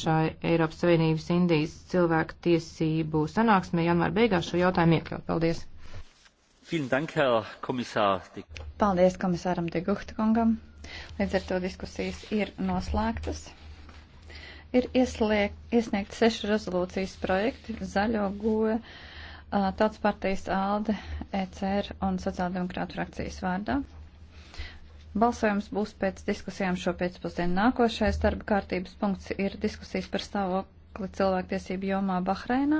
šai Eiropas Savienības Indijas cilvēku tiesību sanāksmē janvāra beigās šo jautājumu iekļaut. Paldies! Dank, komisār. Paldies komisāram Degukta kungam. Līdz ar to diskusijas ir noslēgtas. Ir iesliek, iesniegt sešu rezolūcijas projekti zaļo goja tautas partijas ALDE, ECR un sociāldemokrātu frakcijas vārdā. Balsojums būs pēc diskusijām šo pēcpusdienu. Nākošais darba kārtības punkts ir diskusijas par stāvokli cilvēktiesību jomā Bahreinā.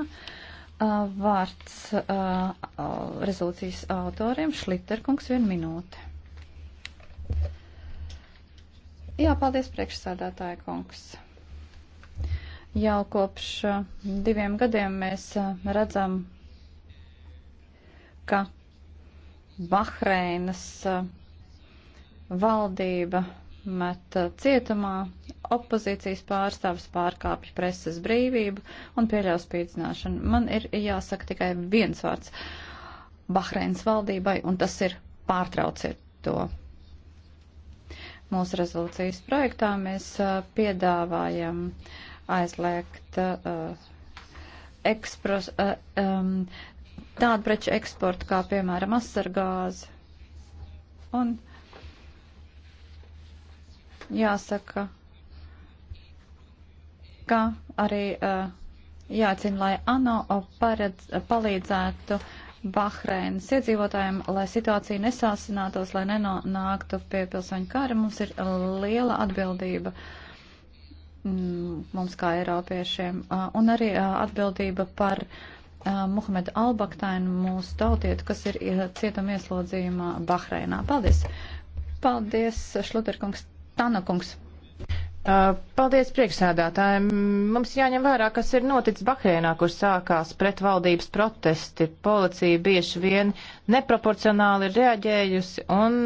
Vārds rezolūcijas autoriem Šliterkungs vien minūte. Jā, paldies priekšsādātāja kungs. Jau kopš diviem gadiem mēs redzam, ka Bahreinas uh, valdība met uh, cietumā, opozīcijas pārstāvis pārkāpj preses brīvību un pieļaus spīdzināšanu. Man ir jāsaka tikai viens vārds Bahreins valdībai, un tas ir pārtrauciet to. Mūsu rezolūcijas projektā mēs uh, piedāvājam aizliegt uh, ekspros, uh, um, tādu preču eksportu kā, piemēram, asargāzi. Un jāsaka, ka arī uh, jācina, lai ANO paredz, palīdzētu Bahreinas iedzīvotājiem, lai situācija nesāsinātos, lai nenonāktu pie pilsoņu kara. Mums ir liela atbildība mm, mums kā Eiropiešiem uh, un arī uh, atbildība par uh, Muhamedu Albaktainu, mūsu tautietu, kas ir cietuma ieslodzījumā Bahreinā. Paldies! Paldies, Šluterkungs! Tanakungs. Paldies priekšsēdātājiem. Mums jāņem vērā, kas ir noticis Bahreinā, kur sākās pretvaldības protesti. Policija bieži vien neproporcionāli ir reaģējusi un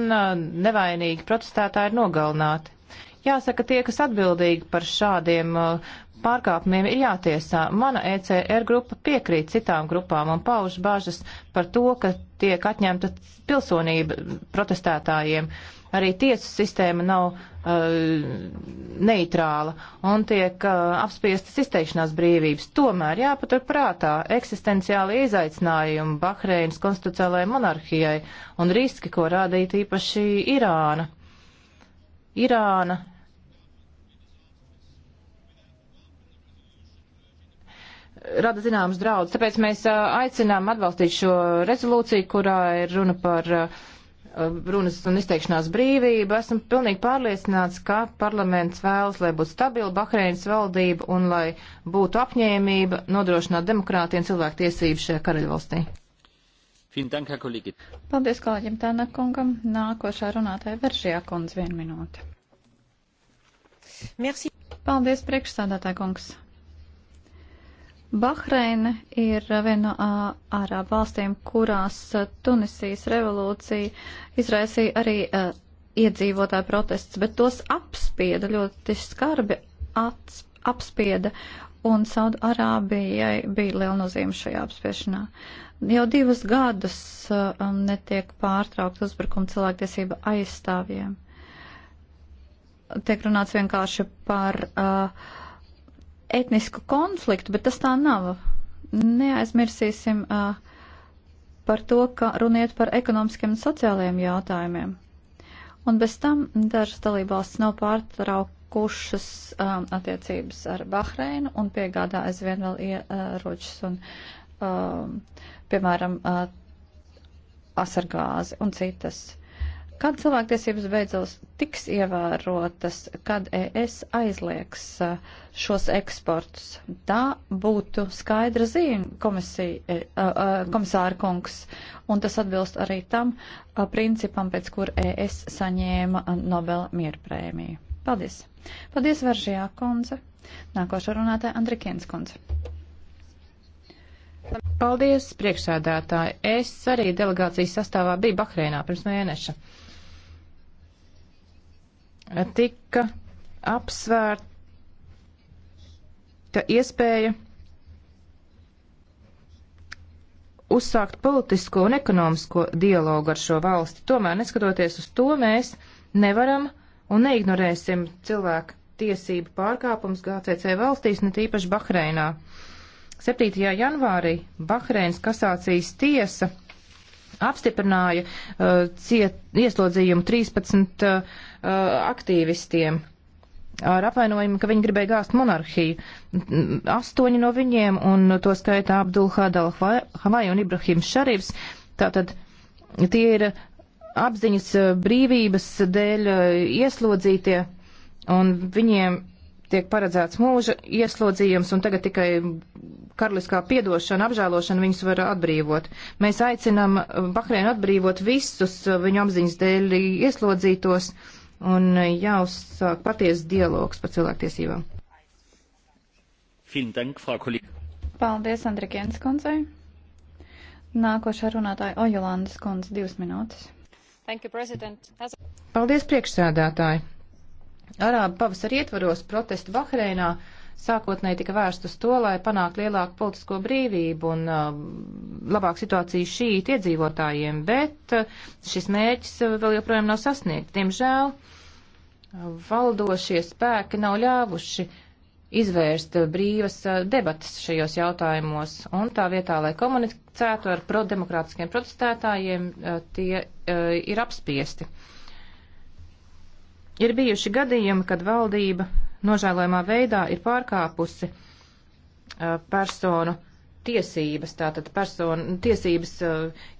nevainīgi protestētāji ir nogalināti. Jāsaka, tie, kas atbildīgi par šādiem pārkāpumiem, ir jātiesā. Mana ECR grupa piekrīt citām grupām un pauž bažas par to, ka tiek atņemta pilsonība protestētājiem. Uh, arī tiesu sistēma nav uh, neitrāla un tiek uh, apspiestas izteikšanās brīvības. Tomēr jāpatur prātā eksistenciāli izaicinājumi Bahreinas konstitucionālajai monarhijai un riski, ko rādīja īpaši Irāna. Irāna rada zināmas draudz. Tāpēc mēs eh, aicinām atbalstīt šo rezolūciju, kurā ir runa par uh, Um, runas un izteikšanās brīvību. Esmu pilnīgi pārliecināts, ka parlaments vēlas, lai būtu stabila Bahreinas valdība un lai būtu apņēmība nodrošināt demokrātiem cilvēku tiesības šajā karaļvalstī. Paldies kolēģim Tanakungam. Nākošā runātāja Veržijā kundze vienu minūti. Merci. Paldies priekšstādātāja kungs. Bahreina ir viena no ārābu valstīm, kurās Tunisijas revolūcija izraisīja arī uh, iedzīvotāju protests, bet tos apspieda ļoti skarbi, ats, apspieda, un Saudu Arābijai bija liela nozīme šajā apspiešanā. Jau divus gadus uh, netiek pārtraukt uzbrukuma cilvēktiesība aizstāvjiem. Tiek runāts vienkārši par uh, etnisku konfliktu, bet tas tā nav. Neaizmirsīsim uh, par to, ka runiet par ekonomiskiem un sociālajiem jautājumiem. Un bez tam dažas dalībvalstis nav pārtraukušas um, attiecības ar Bahreinu un piegādā aizvien vēl ieročus un, um, piemēram, uh, asargāzi un citas. Kad cilvēktiesības beidzos tiks ievērotas, kad ES aizliegs uh, šos eksportus, tā būtu skaidra zīme, komisija, e, komisāra kungs, un tas atbilst arī tam principam, pēc kur ES saņēma Nobel mieru prēmiju. Paldies! Paldies, Veržijā kundze! Nākošā runātāja Andrikienas kundze. Paldies, priekšsēdētāji. Es arī delegācijas sastāvā biju Bahreinā pirms mēneša tika apsvērta iespēja uzsākt politisko un ekonomisko dialogu ar šo valsti. Tomēr, neskatoties uz to, mēs nevaram un neignorēsim cilvēku tiesību pārkāpums GCC valstīs, ne tīpaši Bahreinā. 7. janvārī Bahreinas kasācijas tiesa apstiprināja uh, ciet, ieslodzījumu 13 uh, uh, aktīvistiem ar apvainojumu, ka viņi gribēja gāzt monarhiju. Astoņi no viņiem, un to skaitā Abdul Hadal Havai un Ibrahims Šarivs, tātad tie ir apziņas uh, brīvības dēļ uh, ieslodzītie, un viņiem tiek paredzēts mūža ieslodzījums, un tagad tikai karaliskā piedošana, apžēlošana viņus var atbrīvot. Mēs aicinām Bahreinu atbrīvot visus viņu apziņas dēļ ieslodzītos, un jāuzsāk paties dialogs par cilvēktiesībām. Paldies, Andrikienas kundzei. Nākošā runātāja Ojolandes kundze divas minūtes. You, Paldies, priekšsēdētāji. Arābu pavasara ietvaros protesti Bahreinā sākotnēji tika vērst uz to, lai panāktu lielāku politisko brīvību un uh, labāku situāciju šīt iedzīvotājiem, bet uh, šis mērķis uh, vēl joprojām nav sasniegts. Diemžēl uh, valdošie spēki nav ļāvuši izvērst uh, brīvas uh, debatas šajos jautājumos, un tā vietā, lai komunicētu ar prodemokrātiskiem protestētājiem, tie ir apspiesti. Uh, Ir bijuši gadījumi, kad valdība nožēlojumā veidā ir pārkāpusi uh, personu tiesības, tātad personu tiesības uh,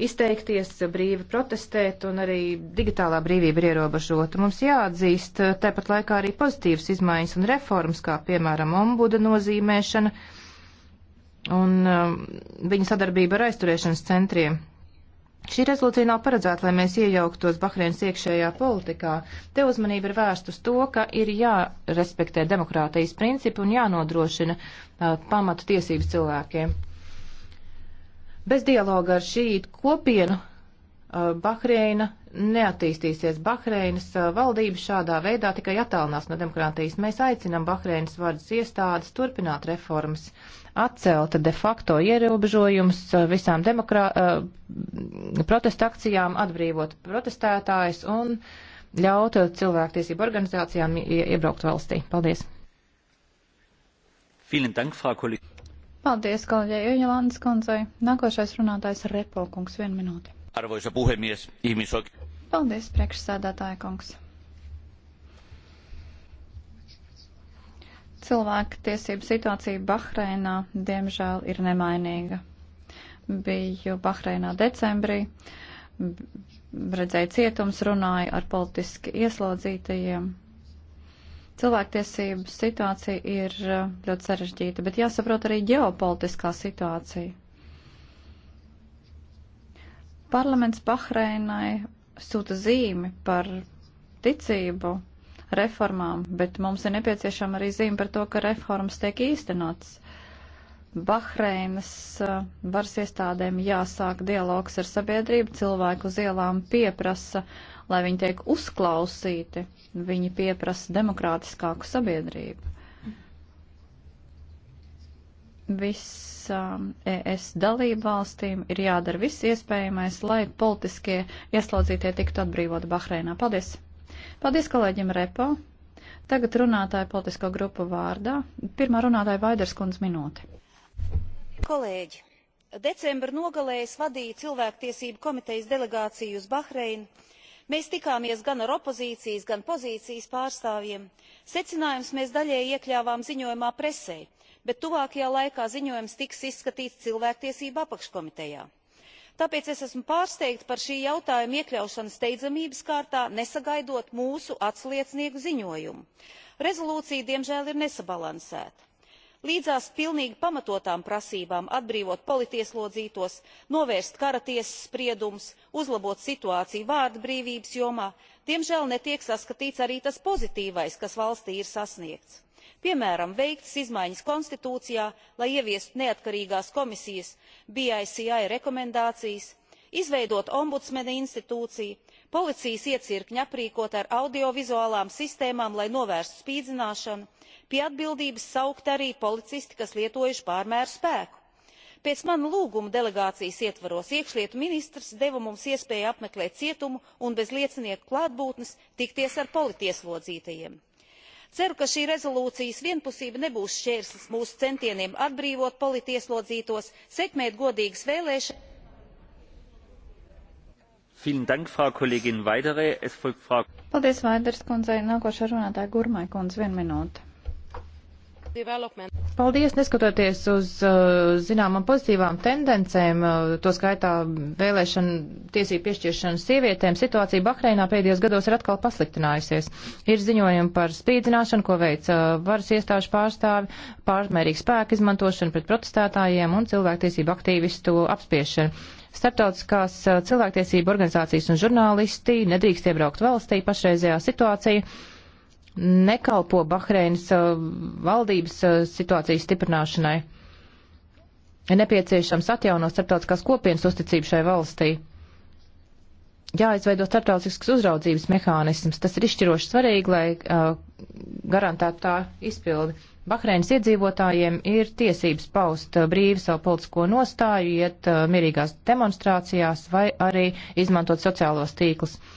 izteikties, brīvi protestēt un arī digitālā brīvība ir ierobežota. Mums jāatzīst uh, tāpat laikā arī pozitīvas izmaiņas un reformas, kā piemēram ombuda nozīmēšana un viņa sadarbība ar aizturēšanas centriem. Šī rezolūcija nav paredzēta, lai mēs iejauktos Bahreinas iekšējā politikā. Te uzmanība ir vērsta uz to, ka ir jārespektē demokrātijas principi un jānodrošina uh, pamatu tiesības cilvēkiem. Bez dialoga ar šītu kopienu uh, Bahreina neattīstīsies Bahreinas uh, valdība šādā veidā tikai attālinās no demokrātijas. Mēs aicinam Bahreinas varas iestādes turpināt reformas, atcelt de facto ierobežojumus uh, visām demokrā... Uh, protesta akcijām, atbrīvot protestētājus un ļaut cilvēktiesību organizācijām iebraukt valstī. Paldies! Paldies, kolēģei Jolandes kundzei. Nākošais runātājs Repo kungs, vienu minūti arvoisa puhemies ihmisoikeuksien Paldies, priekšsēdētāja kungs. Cilvēka tiesība situācija Bahreinā, diemžēl, ir nemainīga. Biju Bahreinā decembrī, redzēju cietums, runāju ar politiski ieslodzītajiem. Cilvēktiesību situācija ir eh, ļoti sarežģīta, bet jāsaprot arī ģeopolitiskā situācija. Parlaments Bahreinai sūta zīme par ticību reformām, bet mums ir nepieciešama arī zīme par to, ka reformas tiek īstenotas. Bahreinas uh, varas iestādēm jāsāk dialogs ar sabiedrību, cilvēku uz ielām pieprasa, lai viņi tiek uzklausīti, viņi pieprasa demokrātiskāku sabiedrību visām ES dalībvalstīm ir jādara viss iespējamais, lai politiskie ieslodzītie tiktu atbrīvoti Bahreinā. Paldies! Paldies kolēģim Repo! Tagad runātāja politisko grupu vārdā. Pirmā runātāja Vaiders kundz minūte. Kolēģi, decembra nogalē es vadīju cilvēktiesību komitejas delegāciju uz Bahreinu mēs tikāmies gan ar opozīcijas gan pozīcijas pārstāvjiem secinājumus mēs daļēji iekļāvām ziņojumā presei bet tuvākajā laikā ziņojums tiks izskatīts cilvēktiesību apakškomitejā. tāpēc es esmu pārsteigta par šī jautājuma iekļaušanu steidzamības kārtā nesagaidot mūsu atsliecnieku ziņojumu. rezolūcija diemžēl ir nesabalansēta līdzās pilnīgi pamatotām prasībām atbrīvot politieslodzītos novērst kara tiesas spriedumus uzlabot situāciju vārda brīvības jomā diemžēl netiek saskatīts arī tas pozitīvais kas valstī ir sasniegts piemēram veiktas izmaiņas konstitūcijā lai ieviestu neatkarīgās komisijas bici rekomendācijas izveidota ombudsmena institūcija policijas iecirkņi aprīkoti ar audiovizuālām sistēmām lai novērstu spīdzināšanu pie atbildības saukti arī policisti kas lietojuši pārmēru spēku. pēc mana lūguma delegācijas ietvaros iekšlietu ministrs deva mums iespēju apmeklēt cietumu un bez liecinieku klātbūtnes tikties ar politieslodzītajiem ceru ka šī rezolūcijas vienpusība nebūs šķērslis mūsu centieniem atbrīvot politieslodzītos sekmēt godīgas vēlēšanas. Paldies, Vaiders kundzei. Nākošā runātāja Gurmai kundze, viena minūte. Paldies, neskatoties uz uh, zināmām pozitīvām tendencēm, uh, to skaitā vēlēšana tiesību piešķiršana sievietēm, situācija Bahreinā pēdējos gados ir atkal pasliktinājusies. Ir ziņojumi par spīdzināšanu, ko veica uh, varas iestāžu pārstāvi, pārmērīgu spēku izmantošanu pret protestētājiem un cilvēktiesību aktīvistu apspiešanu. Starptautiskās cilvēktiesību organizācijas un žurnālisti nedrīkst iebraukt valstī pašreizējā situācija nekalpo Bahreinas uh, valdības uh, situācijas stiprināšanai. Ir nepieciešams atjaunot starptautiskās kopienas uzticību šai valstī. Jāizveido starptautisks uzraudzības mehānisms. Tas ir izšķiroši svarīgi, lai uh, garantētu tā izpildi. Bahreinas iedzīvotājiem ir tiesības paust uh, brīvi savu politisko nostāju, iet uh, mierīgās demonstrācijās vai arī izmantot sociālos tīklus. Uh,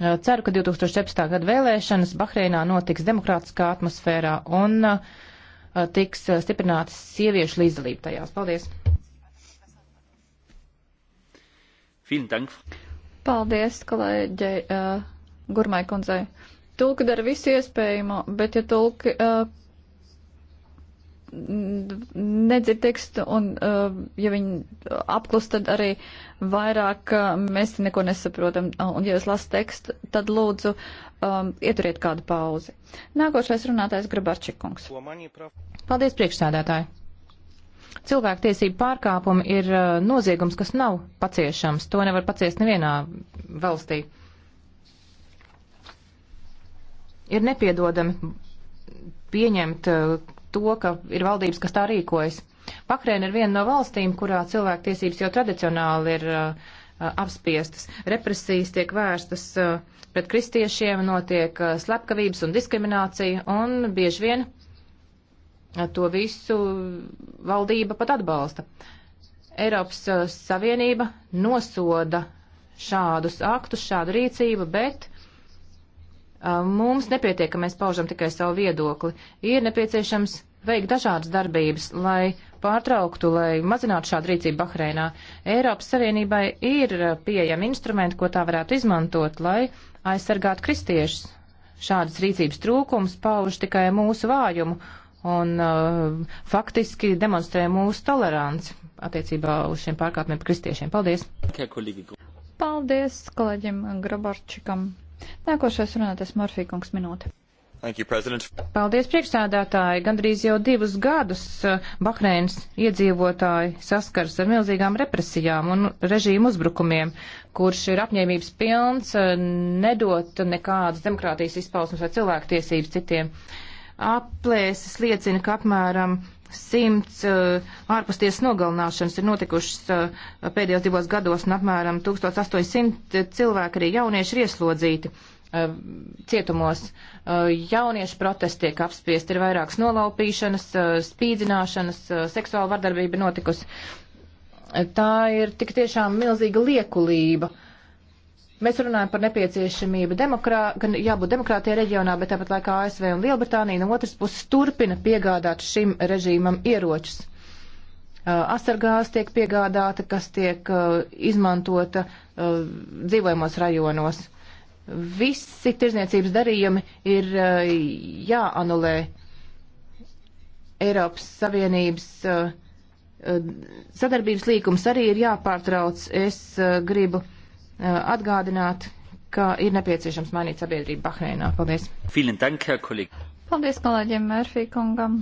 Eh, ceru, ka 2017. gada vēlēšanas Bahreinā notiks demokrātiskā atmosfērā un eh, tiks eh, stiprinātas sieviešu līdzdalība tajās. Paldies! Paldies, kolēģei uh, Gurmai kundzei. Tulki dara visu iespējamo, bet ja tulki uh, nedzird tekstu, un uh, ja viņi apklus, tad arī vairāk uh, mēs neko nesaprotam. Un ja jūs lasat tekstu, tad lūdzu um, ieturiet kādu pauzi. Nākošais runātājs Grabarčikungs. Paldies, priekšsēdētāji! Cilvēktiesību pārkāpumi ir uh, noziegums, kas nav paciešams. To nevar paciest nevienā valstī. Ir nepiedodami pieņemt to, ka ir valdības, kas tā rīkojas. Bahreina ir viena no valstīm, kurā cilvēktiesības jau tradicionāli ir uh, uh, apspiestas. Represijas tiek vērstas uh, pret kristiešiem, notiek uh, slepkavības un diskriminācija, un bieži vien uh, to visu valdība pat atbalsta. Eiropas uh, Savienība nosoda šādus aktus, šādu rīcību, bet Mums nepietiek, ka mēs paužam tikai savu viedokli. Ir nepieciešams veikt dažādas darbības, lai pārtrauktu, lai mazinātu šādu rīcību Bahreinā. Eiropas Savienībai ir pieejami instrumenti, ko tā varētu izmantot, lai aizsargātu kristiešus. Šādas rīcības trūkums pauž tikai mūsu vājumu un uh, faktiski demonstrē mūsu toleranci attiecībā uz šiem pārkāpumiem par kristiešiem. Paldies! Paldies kolēģim Grabarčikam! Nākošais runātais Morfīkungs minūte. You, Paldies, priekšsādātāji! Gandrīz jau divus gadus eh, Bahreinas iedzīvotāji saskars ar milzīgām represijām un režīmu uzbrukumiem, kurš ir apņēmības pilns eh, nedot nekādas demokrātijas izpausmes vai cilvēktiesības citiem. Aplēses liecina, ka apmēram simts uh, eh, ārpustiesas nogalināšanas ir notikušas uh, pēdējos divos gados, un apmēram 1800 cilvēki, arī jaunieši, ir ieslodzīti uh, cietumos. Jauniešu protesti tiek apspiesti, ir vairākas nolaupīšanas, spīdzināšanas, seksuāla vardarbība notikusi. Tā ir tik tiešām milzīga liekulība. Uh, Mēs runājam par nepieciešamību demokrā, gan jābūt demokrātie reģionā, bet tāpat laikā ASV un Lielbritānija no otras puses turpina piegādāt šim režīmam ieročus. Uh, Asargās tiek piegādāta, kas tiek uh, izmantota uh, dzīvojamos rajonos. Visi tirzniecības darījumi ir uh, jāanulē Eiropas Savienības. Uh, uh Sadarbības līkums arī ir jāpārtrauc. Es uh, gribu uh, Uh, atgādināt, ka ir nepieciešams mainīt sabiedrību Bahreinā. Paldies! Dank, Paldies kolēģiem Mērfī kungam!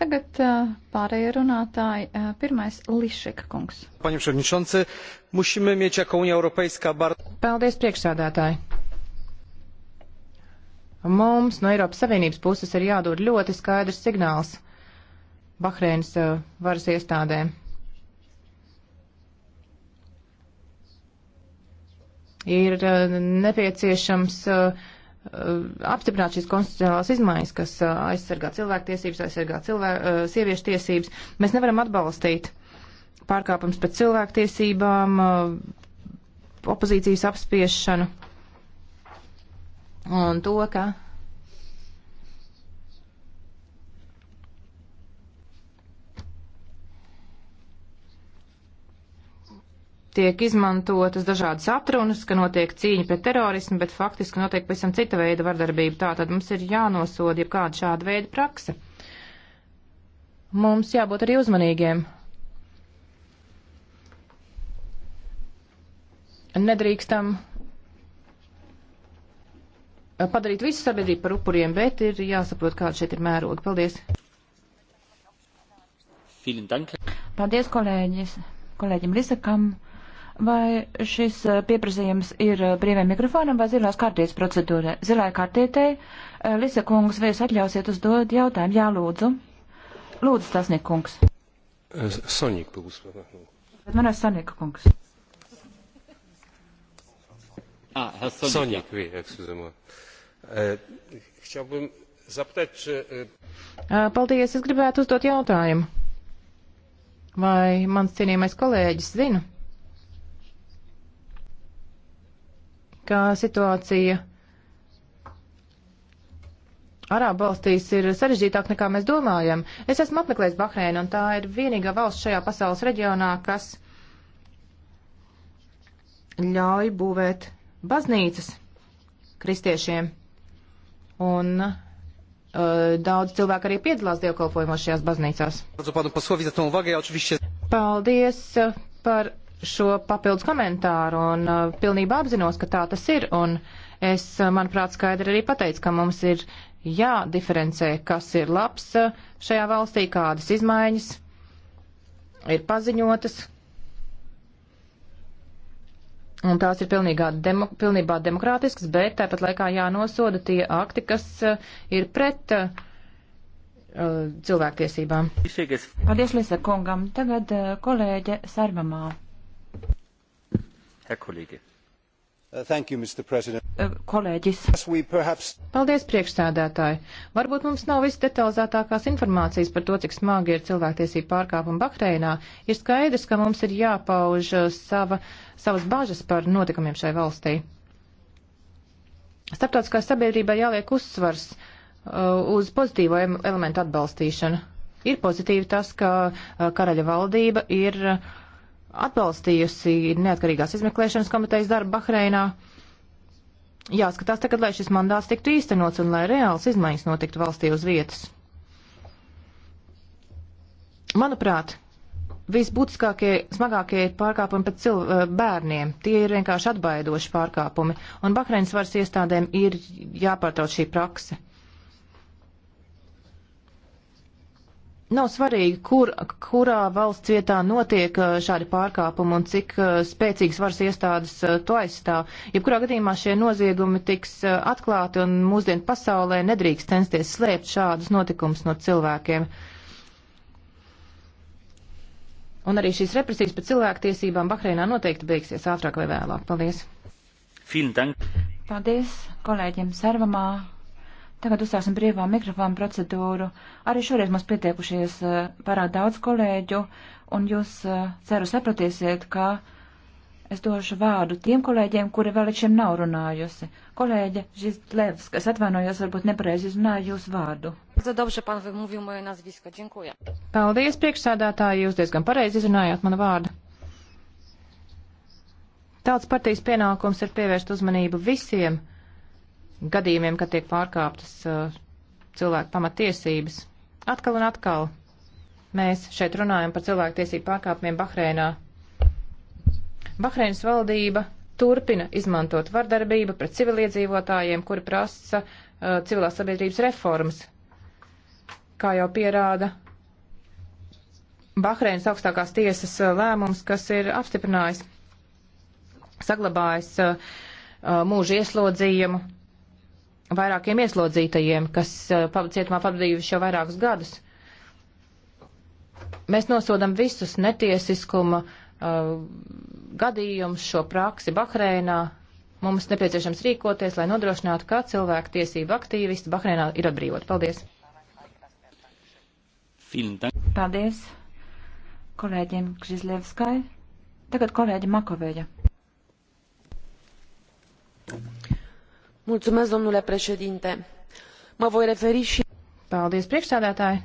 Tagad uh, pārējie runātāji. Uh, pirmais - Lišek kungs. Paldies, priekšsādātāji! Mums no Eiropas Savienības puses ir jādod ļoti skaidrs signāls Bahreinas varas iestādēm ir eh, nepieciešams eh, apstiprināt šīs konstitucionālās izmaiņas, kas eh, aizsargā cilvēktiesības, aizsargā cilvēku, sieviešu tiesības. Mēs nevaram atbalstīt pārkāpums pret cilvēktiesībām, opozīcijas apspiešanu un to, ka tiek izmantotas dažādas atrunas, ka notiek cīņa pret terorismu, bet faktiski notiek pavisam cita veida vardarbība. Tātad mums ir jānosoda jebkāda šāda veida prakse. Mums jābūt arī uzmanīgiem. Nedrīkstam padarīt visu sabiedrību par upuriem, bet ir jāsaprot, kāda šeit ir mēroga. Paldies! Paldies kolēģis, kolēģim Lisakam! Vai šis eh, pieprasījums ir eh, brīviem mikrofonam vai zilās kārtības procedūrē? Zilā kārtītē eh, Lisa kungs, vai jūs atļausiet uzdot jautājumu? Jā, lūdzu. Lūdzu, Stasnik kungs. Soņik, lūdzu. Bet man ir Soņik kungs. Soņik, vi, excusez-moi. Chciałbym zapytać, czy... Paldies, es gribētu uzdot jautājumu. Vai mans cienījamais kolēģis zina? ka situācija Arābu valstīs ir sarežģītāk nekā mēs domājam. Es esmu apmeklējis Bahreinu, un tā ir vienīgā valsts šajā pasaules reģionā, kas ļauj būvēt baznīcas kristiešiem. Un uh, daudz cilvēku arī piedalās dievkalpojumos šajās baznīcās. Paldies uh, par šo papildus komentāru un uh, pilnībā apzinos, ka tā tas ir. Un es, uh, manuprāt, skaidri arī pateicu, ka mums ir jādiferencē, kas ir labs uh, šajā valstī, kādas izmaiņas ir paziņotas. Un tās ir demo, pilnībā demokrātiskas, bet tāpat laikā jānosoda tie akti, kas uh, ir pret uh, uh cilvēktiesībām. Paldies, Lisa kungam. Tagad uh, kolēģe Sarvamā. Herr Kollege. Uh, you, uh, Kolēģis. Paldies, priekšsēdētāji. Varbūt mums nav viss detalizētākās informācijas par to, cik smagi ir cilvēktiesība pārkāpuma Bahreinā. Ir skaidrs, ka mums ir jāpauž uh, sava, savas bažas par notikumiem šai valstī. Starptautiskā sabiedrībā jāliek uzsvars uz pozitīvo elementu atbalstīšanu. Ir pozitīvi tas, ka karaļa valdība ir atbalstījusi neatkarīgās izmeklēšanas komitejas darbu Bahreinā. Jāskatās tagad, lai šis mandāts tiktu īstenots un lai reāls izmaiņas notiktu valstī uz vietas. Manuprāt, visbūtiskākie, smagākie ir pārkāpumi pret cil, eh, bērniem. Tie ir vienkārši atbaidoši pārkāpumi, un Bahreinas varas iestādēm ir jāpārtrauc šī praksa. Nav svarīgi, kur, kurā valsts vietā notiek uh, šādi pārkāpumi un cik uh, spēcīgas varas iestādes uh, to aizstāv. Jebkurā gadījumā šie noziegumi tiks atklāti un mūsdienu pasaulē nedrīkst censties slēpt šādus notikumus no cilvēkiem. Un arī šīs represijas par cilvēktiesībām Bahreinā noteikti beigsies ātrāk vai vēlāk. Paldies! Paldies kolēģiem Sarvamā! Tagad uzsāksim brīvā mikrofonu procedūru. Arī šoreiz mums pietiekušies eh, pārāk daudz kolēģu, un jūs eh, ceru sapratīsiet, ka es došu vārdu tiem kolēģiem, kuri vēl līdz šim nav runājusi. Kolēģe Žislevs, kas atvainojos, varbūt nepareizi izrunāja jūsu vārdu. Paldies, priekšsādātāji, jūs diezgan pareizi izrunājāt manu vārdu. Tautas partijas pienākums ir pievērst uzmanību visiem gadījumiem, kad tiek pārkāptas uh, cilvēku pamatiesības. Atkal un atkal mēs šeit runājam par cilvēku tiesību pārkāpumiem Bahreinā. Bahreinas valdība turpina izmantot vardarbību pret civiliedzīvotājiem, kuri prasa uh, civilās sabiedrības reformas, kā jau pierāda Bahreinas augstākās tiesas uh, lēmums, kas ir apstiprinājis, saglabājis uh, uh mūža ieslodzījumu vairākiem ieslodzītajiem, kas eh, cietumā pavadījuši jau vairākus gadus. Mēs nosodam visus netiesiskuma uh, gadījumus, šo praksi Bahreinā. Mums nepieciešams rīkoties, lai nodrošinātu, ka cilvēku tiesību aktīvisti Bahreinā ir atbrīvot. Paldies! Paldies kolēģiem Kžizlievskai. Tagad kolēģi Makovēja. Mulțumesc, domnule președinte. Mă voi referi și... Paldies, priekšstādātāji.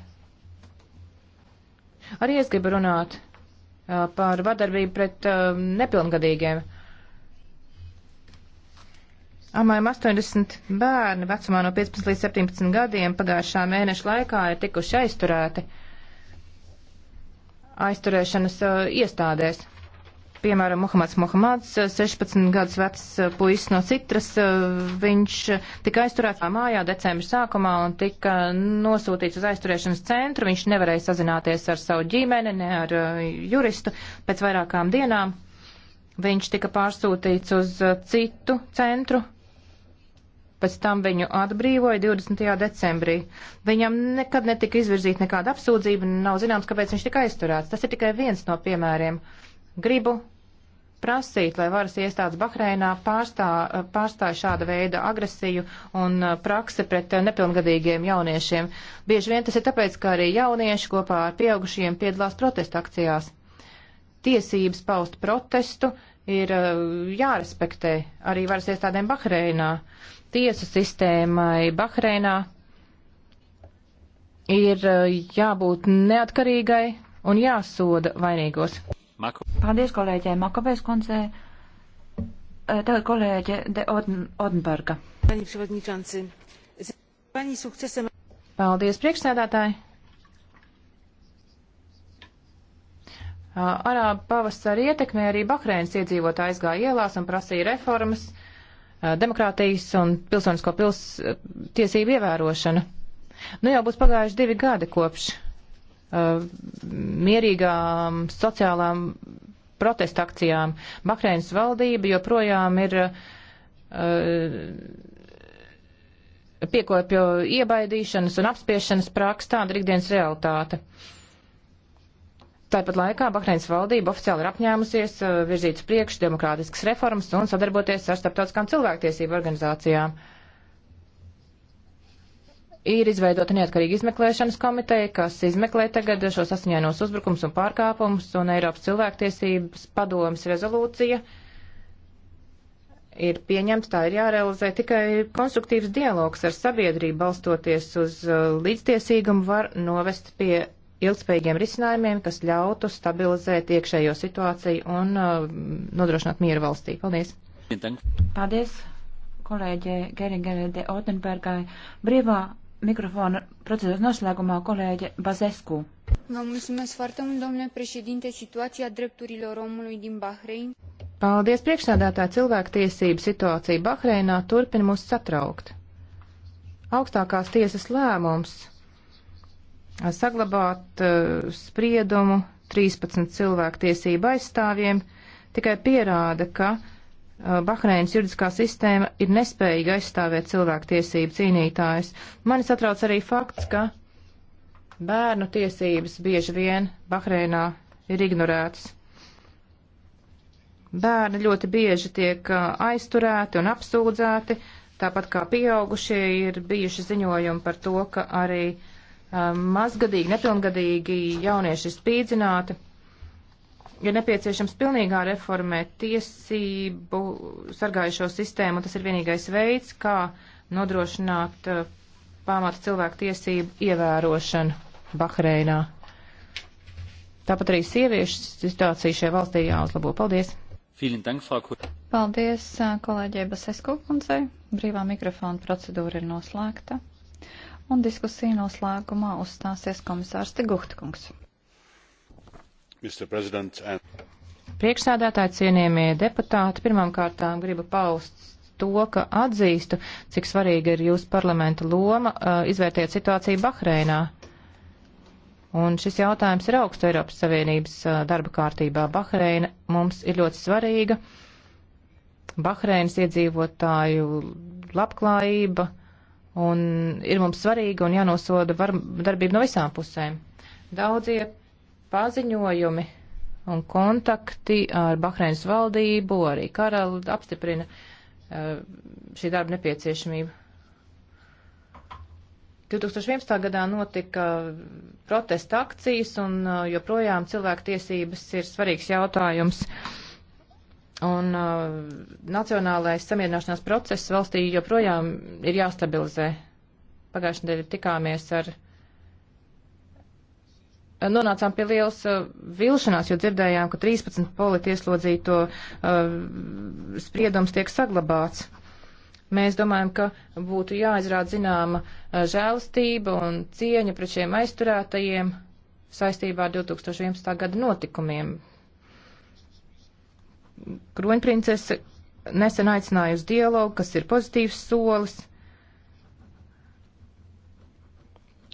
Arī es gribu runāt uh, par vardarbību pret uh, nepilngadīgiem. Apmēram 80 bērni vecumā no 15 līdz 17 gadiem pagājušā mēneša laikā ir tikuši aizturēti aizturēšanas uh, iestādēs. Piemēram, Muhamads Muhamads, eh, 16 gadus vecs eh, puisis no Citras, eh, viņš tika aizturēts mājā decembra sākumā un tika nosūtīts uz aizturēšanas centru. Viņš nevarēja sazināties ar savu ģimeni, ne ar juristu. Pēc vairākām dienām viņš tika pārsūtīts uz citu centru, pēc tam viņu atbrīvoja 20. decembrī. Viņam nekad netika izvirzīta nekāda apsūdzība, nav zināms, kāpēc viņš tika aizturēts. Tas ir tikai viens no piemēriem. Gribu prasīt, lai varas iestādes Bahreinā pārstā, pārstāja šāda veida agresiju un uh, praksi pret uh, nepilngadīgiem jauniešiem. Bieži vien tas ir tāpēc, ka arī jaunieši kopā ar pieaugušiem piedalās protesta akcijās. Tiesības paust protestu ir uh, jārespektē arī varas iestādēm Bahreinā. Tiesu sistēmai Bahreinā ir jābūt neatkarīgai un jāsoda vainīgos. Paldies kolēģei Makavēs koncē. Tagad kolēģe De Oden, Odenberga. Paldies, priekšsēdētāji. Arābu pavasara ietekmē arī Bahreinas iedzīvotāji aizgāja ielās un prasīja reformas, demokrātijas un pilsonisko pils tiesību ievērošanu. Nu jau būs pagājuši divi gadi kopš mierīgām sociālām protesta akcijām. Bahreinas valdība joprojām ir uh, piekopju iebaidīšanas un apspiešanas prāks tāda ir ikdienas realitāte. Tāpat laikā Bahreinas valdība oficiāli ir apņēmusies uh, virzīt uz priekšu demokrātiskas reformas un sadarboties ar starptautiskām cilvēktiesību organizācijām. Uh, Ir izveidota neatkarīga izmeklēšanas komiteja, kas izmeklē tagad šos asiņainos uzbrukums un pārkāpumus, un Eiropas cilvēktiesības padomas rezolūcija ir pieņemta, tā ir jārealizē. Tikai konstruktīvs dialogs ar sabiedrību balstoties uz uh, līdztiesīgumu var novest pie ilgspējīgiem risinājumiem, kas ļautu stabilizēt iekšējo situāciju un uh, nodrošināt mieru valstī. Paldies! Paldies! kolēģei Gerigerei de Otenbergai brīvā mikrofona procedūras noslēgumā kolēģe Bazescu. Vă mulțumesc foarte mult, domnule președinte, situația drepturilor omului din Bahrein. Paldies priekšsādātā cilvēktiesību situācija Bahreinā turpina mūs satraukt. Augstākās tiesas lēmums saglabāt uh, spriedumu 13 cilvēktiesību aizstāvjiem tikai pierāda, ka uh, Eh, Bahreinas juridiskā sistēma ir nespējīga aizstāvēt cilvēktiesību cīnītājus. Mani satrauc arī fakts, ka bērnu tiesības bieži vien Bahreinā ir ignorētas. Bērni ļoti bieži tiek eh, aizturēti un apsūdzēti, tāpat kā pieaugušie ir bijuši ziņojumi par to, ka arī um, mazgadīgi, nepilngadīgi jaunieši ir spīdzināti ir ja nepieciešams pilnīgā reformēt tiesību sargājušo sistēmu, un tas ir vienīgais veids, kā nodrošināt uh, pamata cilvēku tiesību ievērošanu Bahreinā. Tāpat arī sieviešu situācija šajā valstī jāuzlabo. Paldies! Paldies uh, kolēģei Basesku kundzei. Brīvā mikrofona procedūra ir noslēgta. Un diskusija noslēgumā uzstāsies komisārs Teguhtkungs. Priekšsādātāji cienījamie deputāti, pirmām kārtām gribu paust to, ka atzīstu, cik svarīga ir jūsu parlamenta loma uh, izvērtēt situāciju Bahreinā. Un šis jautājums ir augstu Eiropas Savienības uh, darba kārtībā. Bahreina mums ir ļoti svarīga. Bahreinas iedzīvotāju labklājība un ir mums svarīga un jānosoda var, darbība no visām pusēm. Daudzie paziņojumi un kontakti ar Bahreinas valdību, arī karalu apstiprina eh, šī darba nepieciešamību. 2011. gadā notika protesta akcijas un eh, joprojām cilvēktiesības ir svarīgs jautājums. Un uh, nacionālais samierināšanās process valstī joprojām ir jāstabilizē. Pagājušajā nedēļā tikāmies ar uh, nonācām pie lielas uh, vilšanās, jo dzirdējām, ka 13 politieslodzīto uh, spriedums tiek saglabāts. Mēs domājam, ka būtu jāizrāda zināma uh, žēlastība un cieņa pret šiem aizturētajiem saistībā ar 2011. gada notikumiem. Kroņprincese nesen aicināja uz dialogu, kas ir pozitīvs solis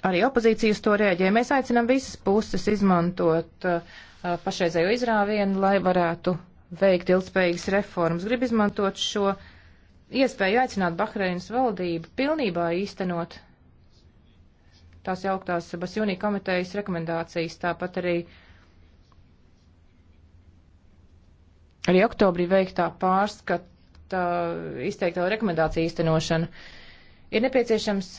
Arī opozīcija uz to rēģē. Mēs aicinām visas puses izmantot uh, pašreizējo izrāvienu, lai varētu veikt ilgspējīgas reformas. Grib izmantot šo iespēju aicināt Bahreinas valdību pilnībā īstenot tās jauktās Basjūnī komitejas rekomendācijas, tāpat arī arī oktobrī veiktā pārskata uh, izteiktā rekomendācija īstenošana. Ir nepieciešams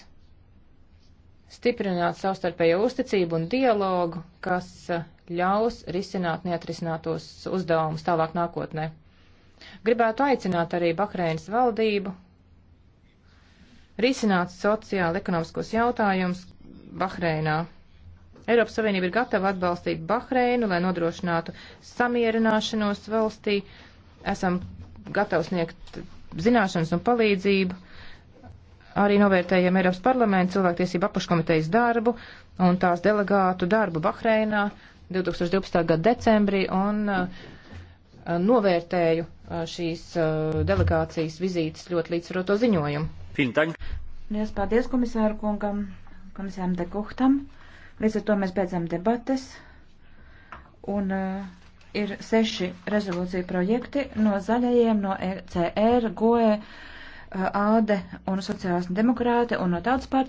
stiprināt savstarpējo uzticību un dialogu, kas e, ļaus risināt neatrisinātos uzdevumus tālāk nākotnē. Gribētu aicināt arī Bahreinas valdību risināt sociāli ekonomiskos jautājumus Bahreinā. Eiropas Savienība ir gatava atbalstīt Bahreinu, lai nodrošinātu samierināšanos valstī. Esam gatavi sniegt zināšanas un palīdzību arī novērtējam Eiropas parlamenta cilvēktiesību apakškomitejas darbu un tās delegātu darbu Bahreinā 2012. gada decembrī un uh, novērtēju uh, šīs uh, delegācijas vizītes ļoti līdzsvaroto ziņojumu. Lielas paldies komisāru kungam, komisāram de Guhtam. Līdz ar to mēs beidzam debates. Un uh, ir seši rezolūcija projekti no zaļajiem, no ECR, GOE. ALDE un sociālisti demokrāti un no tautas partijas.